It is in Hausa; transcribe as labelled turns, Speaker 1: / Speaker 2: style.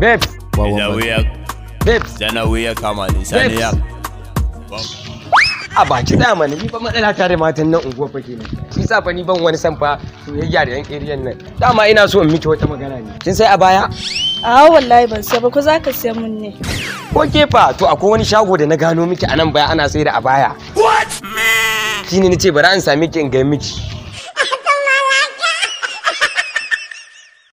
Speaker 1: Bips.
Speaker 2: Babes. Dana wuya Bips.
Speaker 1: A baki da mana ni ba matsala tare matan nan unguwa fa kenan. Shi sa fa ni ban wani san fa soyayya gyara yan ƙeriyan nan. Dama ina so in miki wata magana ne. Kin sai a baya? A
Speaker 3: wallahi ban sai ba ko zaka sai mun ne.
Speaker 1: Ko fa to akwai wani shago da na gano miki a nan baya ana sai da a baya. What? Shine nace bari an same ki in ga miki.